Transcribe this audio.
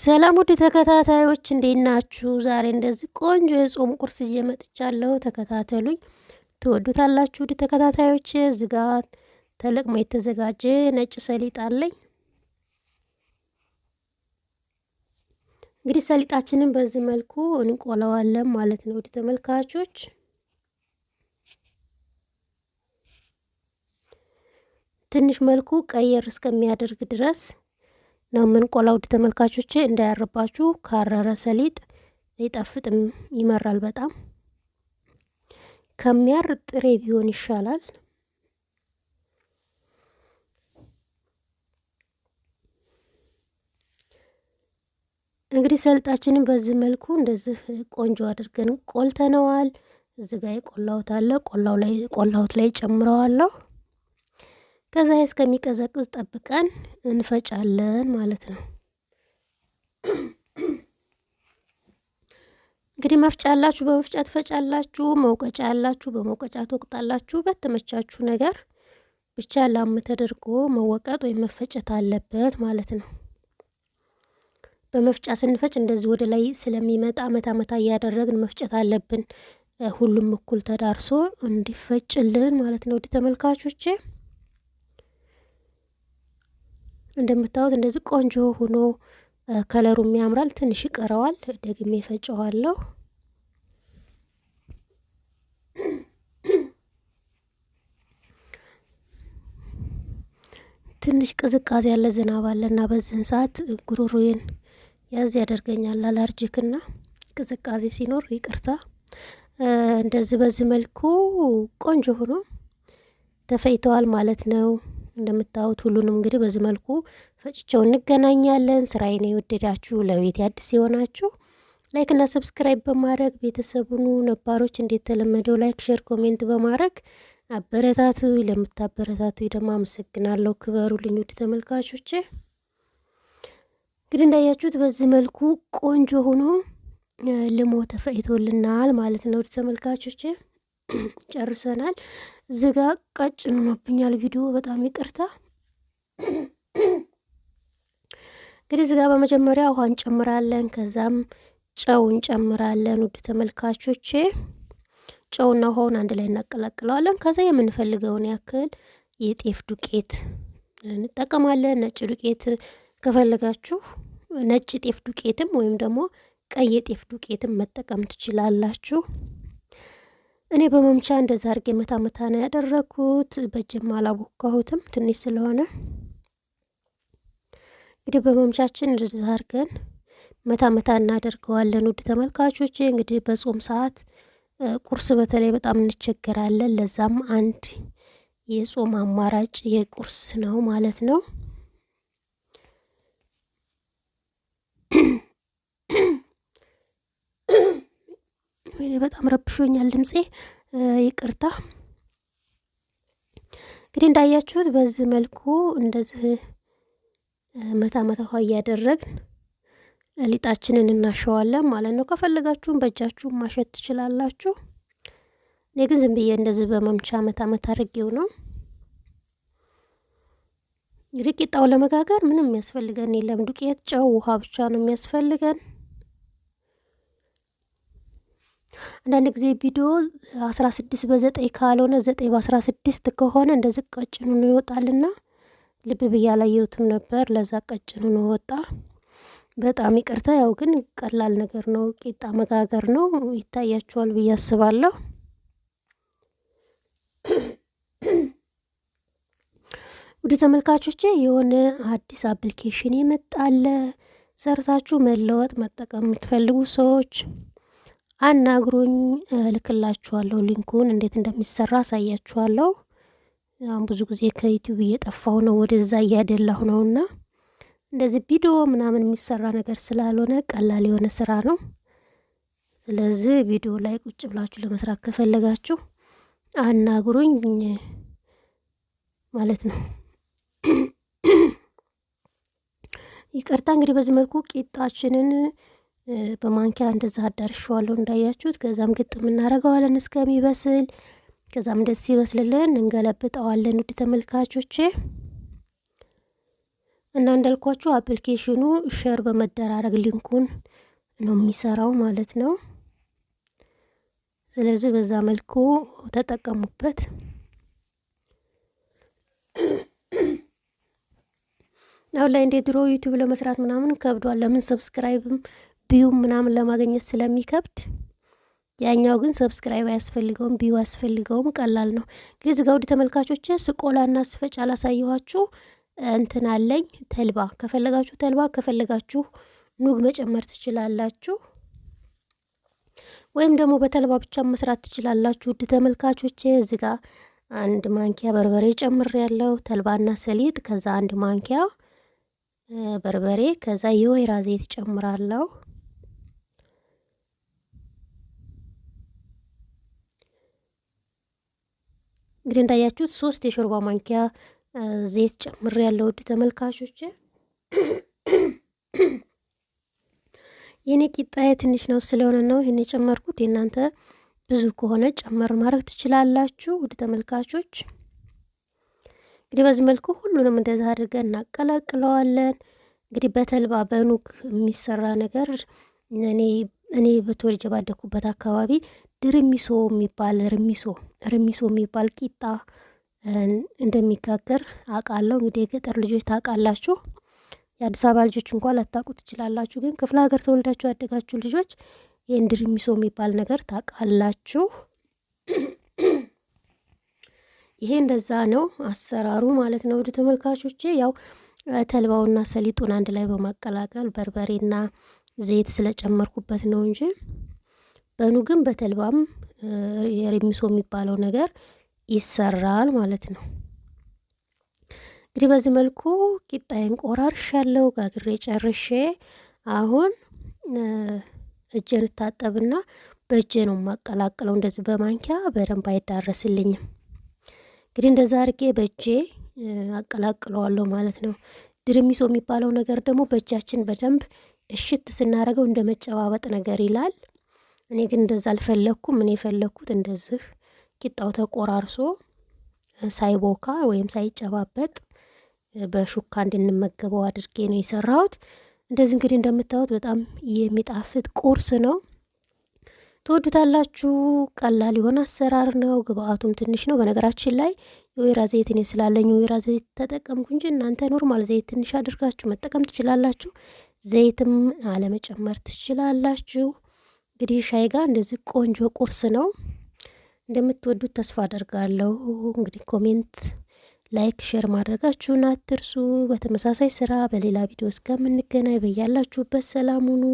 ሰላም ውድ ተከታታዮች እንዴት ናችሁ? ዛሬ እንደዚህ ቆንጆ የጾም ቁርስ ይዤ መጥቻለሁ። ተከታተሉኝ፣ ትወዱታላችሁ። ውድ ተከታታዮች እዚህ ጋ ተለቅሞ የተዘጋጀ ነጭ ሰሊጥ አለኝ። እንግዲህ ሰሊጣችንን በዚህ መልኩ እንቆለዋለን ማለት ነው። ውድ ተመልካቾች ትንሽ መልኩ ቀየር እስከሚያደርግ ድረስ ነው የምንቆላው። ውድ ተመልካቾች እንዳያርባችሁ፣ ካረረ ሰሊጥ ይጣፍጥም ይመራል በጣም ከሚያር ጥሬ ቢሆን ይሻላል። እንግዲህ ሰልጣችንን በዚህ መልኩ እንደዚህ ቆንጆ አድርገን ቆልተነዋል። እዚህ ጋ የቆላሁት አለ። ቆላው ላይ ቆላሁት ላይ ጨምረዋለሁ። ከዛ እስከሚቀዘቅዝ ጠብቀን እንፈጫለን ማለት ነው። እንግዲህ መፍጫ አላችሁ፣ በመፍጫ ትፈጫላችሁ። መውቀጫ አላችሁ፣ በመውቀጫ ትወቅጣላችሁ። በተመቻችሁ ነገር ብቻ ላም ተደርጎ መወቀጥ ወይም መፈጨት አለበት ማለት ነው። በመፍጫ ስንፈጭ እንደዚህ ወደ ላይ ስለሚመጣ መታ መታ እያደረግን መፍጨት አለብን። ሁሉም እኩል ተዳርሶ እንዲፈጭልን ማለት ነው። ወደ ተመልካቾቼ እንደምታዩት እንደዚህ ቆንጆ ሆኖ ከለሩም ያምራል። ትንሽ ይቀረዋል። ደግሜ ፈጨዋለሁ። ትንሽ ቅዝቃዜ ያለ ዝናብ አለና በዚህን ሰዓት ጉሮሮዬን ያዝ ያደርገኛል አላርጅክና ቅዝቃዜ ሲኖር ይቅርታ። እንደዚህ በዚህ መልኩ ቆንጆ ሆኖ ተፈይተዋል ማለት ነው። እንደምታዩት ሁሉንም እንግዲህ በዚህ መልኩ ፈጭቸው እንገናኛለን። ስራዬን የወደዳችሁ ለቤት አዲስ የሆናችሁ ላይክ እና ሰብስክራይብ በማድረግ ቤተሰቡኑ ነባሮች እንደተለመደው ላይክ፣ ሼር፣ ኮሜንት በማድረግ አበረታቱ። ለምታበረታቱ ደግሞ አመሰግናለሁ። ክበሩልኝ ውድ ተመልካቾች እንግዲህ እንዳያችሁት በዚህ መልኩ ቆንጆ ሆኖ ልሞ ተፈይቶልናል ማለት ነው ተመልካቾች ጨርሰናል። ዝጋ ቀጭን ሆኖብኛል ቪዲዮ በጣም ይቅርታ። እንግዲህ ዝጋ በመጀመሪያ ውሃ እንጨምራለን። ከዛም ጨው እንጨምራለን። ውድ ተመልካቾቼ ጨውና ውሃውን አንድ ላይ እናቀላቅለዋለን። ከዛ የምንፈልገውን ያክል የጤፍ ዱቄት እንጠቀማለን። ነጭ ዱቄት ከፈለጋችሁ ነጭ ጤፍ ዱቄትም ወይም ደግሞ ቀይ የጤፍ ዱቄትም መጠቀም ትችላላችሁ። እኔ በመምቻ እንደዛ አርጌ መታ መታ ነው ያደረግኩት። በእጅም አላቦካሁትም ትንሽ ስለሆነ እንግዲህ በመምቻችን እንደዛ አርገን መታ መታ እናደርገዋለን። ውድ ተመልካቾች እንግዲህ በጾም ሰዓት ቁርስ በተለይ በጣም እንቸገራለን። ለዛም አንድ የጾም አማራጭ የቁርስ ነው ማለት ነው። ወይኔ በጣም ረብሾኛል ድምፄ፣ ይቅርታ። እንግዲህ እንዳያችሁት በዚህ መልኩ እንደዚህ መታ መታ ውሃ እያደረግን ሊጣችንን እናሸዋለን ማለት ነው። ከፈለጋችሁም በእጃችሁም ማሸት ትችላላችሁ። እኔ ግን ዝም ብዬ እንደዚህ በመምቻ መታ መታ አድርጌው ነው። እንግዲህ ቂጣው ለመጋገር ምንም የሚያስፈልገን የለም። ዱቄት፣ ጨው፣ ውሃ ብቻ ነው የሚያስፈልገን። አንዳንድ ጊዜ ቪዲዮ አስራ ስድስት በዘጠኝ ካልሆነ ዘጠኝ በአስራ ስድስት ከሆነ እንደዚ ቀጭኑ ነው ይወጣልና ልብ ብዬ አላየሁትም ነበር። ለዛ ቀጭኑ ነው ወጣ። በጣም ይቅርታ። ያው ግን ቀላል ነገር ነው፣ ቂጣ መጋገር ነው። ይታያችኋል ብዬ አስባለሁ። ውድ ተመልካቾቼ የሆነ አዲስ አፕሊኬሽን የመጣለ ሰርታችሁ መለወጥ መጠቀም የምትፈልጉ ሰዎች አናግሩኝ፣ እልክላችኋለሁ። ሊንኩን እንዴት እንደሚሰራ አሳያችኋለሁ። አሁን ብዙ ጊዜ ከዩቲዩብ እየጠፋሁ ነው፣ ወደዛ እያደላሁ ነው እና እንደዚህ ቪዲዮ ምናምን የሚሰራ ነገር ስላልሆነ ቀላል የሆነ ስራ ነው። ስለዚህ ቪዲዮ ላይ ቁጭ ብላችሁ ለመስራት ከፈለጋችሁ አናግሩኝ ማለት ነው። ይቅርታ እንግዲህ በዚህ መልኩ ቂጣችንን በማንኪያ እንደዛ አዳርሸዋለሁ እንዳያችሁት። ከዛም ግጥም እናደርገዋለን እስከሚበስል። ከዛም ደስ ይበስልልን እንገለብጠዋለን። ውድ ተመልካቾቼ እና እንዳልኳችሁ አፕሊኬሽኑ ሼር በመደራረግ ሊንኩን ነው የሚሰራው ማለት ነው። ስለዚህ በዛ መልኩ ተጠቀሙበት። አሁን ላይ እንደ ድሮ ዩቲዩብ ለመስራት ምናምን ከብዷል። ለምን ሰብስክራይብም ቢዩም ምናምን ለማግኘት ስለሚከብድ ያኛው ግን ሰብስክራይብ አያስፈልገውም፣ ቢዩ አያስፈልገውም፣ ቀላል ነው። እንግዲህ ዝጋ ውድ ተመልካቾች ስቆላና ስፈጫ አላሳየኋችሁ። እንትን አለኝ ተልባ፣ ከፈለጋችሁ ተልባ፣ ከፈለጋችሁ ኑግ መጨመር ትችላላችሁ፣ ወይም ደግሞ በተልባ ብቻ መስራት ትችላላችሁ። ውድ ተመልካቾች ጋ አንድ ማንኪያ በርበሬ ጨምር ያለው ተልባና ሰሊጥ፣ ከዛ አንድ ማንኪያ በርበሬ፣ ከዛ የወይራ ዘይት ጨምራለሁ። እንግዲህ እንዳያችሁት ሶስት የሾርባ ማንኪያ ዘይት ጨምር ያለው ውድ ተመልካቾች፣ የኔ ቂጣዬ ትንሽ ነው ስለሆነ ነው ይህን የጨመርኩት። የእናንተ ብዙ ከሆነ ጨመር ማድረግ ትችላላችሁ ውድ ተመልካቾች። እንግዲህ በዚህ መልኩ ሁሉንም እንደዛ አድርገን እናቀላቅለዋለን። እንግዲህ በተልባ በኑግ የሚሰራ ነገር እኔ እኔ በተወልጄ ባደኩበት አካባቢ ድርሚሶ የሚባል ርሚሶ ርሚሶ የሚባል ቂጣ እንደሚጋገር አውቃለሁ። እንግዲህ የገጠር ልጆች ታውቃላችሁ። የአዲስ አበባ ልጆች እንኳን ላታውቁ ትችላላችሁ። ግን ክፍለ ሀገር ተወልዳችሁ ያደጋችሁ ልጆች ይህን ድርሚሶ የሚባል ነገር ታውቃላችሁ። ይሄ እንደዛ ነው አሰራሩ ማለት ነው። ወደ ተመልካቾቼ ያው ተልባውና ሰሊጡን አንድ ላይ በማቀላቀል በርበሬና ዘይት ስለጨመርኩበት ነው እንጂ በኑ ግን በተልባም የሬሚሶ የሚባለው ነገር ይሰራል ማለት ነው። እንግዲህ በዚህ መልኩ ቂጣዬን ያለው ጋግሬ ጨርሼ አሁን እጄን እታጠብና በእጄ ነው የማቀላቅለው። እንደዚህ በማንኪያ በደንብ አይዳረስልኝም። እንግዲህ እንደዛ አድርጌ በእጄ አቀላቅለዋለሁ ማለት ነው። ድርሚሶ የሚባለው ነገር ደግሞ በእጃችን በደንብ እሽት ስናደርገው እንደ መጨባበጥ ነገር ይላል። እኔ ግን እንደዛ አልፈለግኩም። እኔ የፈለግኩት እንደዚህ ቂጣው ተቆራርሶ ሳይቦካ ወይም ሳይጨባበጥ በሹካ እንድንመገበው አድርጌ ነው የሰራሁት። እንደዚህ እንግዲህ እንደምታዩት በጣም የሚጣፍጥ ቁርስ ነው። ትወዱታላችሁ። ቀላል የሆነ አሰራር ነው። ግብአቱም ትንሽ ነው። በነገራችን ላይ የወይራ ዘይት እኔ ስላለኝ የወይራ ዘይት ተጠቀምኩ እንጂ እናንተ ኖርማል ዘይት ትንሽ አድርጋችሁ መጠቀም ትችላላችሁ። ዘይትም አለመጨመር ትችላላችሁ። እንግዲህ ሻይ ጋር እንደዚህ ቆንጆ ቁርስ ነው። እንደምትወዱት ተስፋ አደርጋለሁ። እንግዲህ ኮሜንት፣ ላይክ፣ ሼር ማድረጋችሁን አትርሱ። በተመሳሳይ ስራ በሌላ ቪዲዮ እስከምንገናኝ በያላችሁበት ሰላም ሁኑ።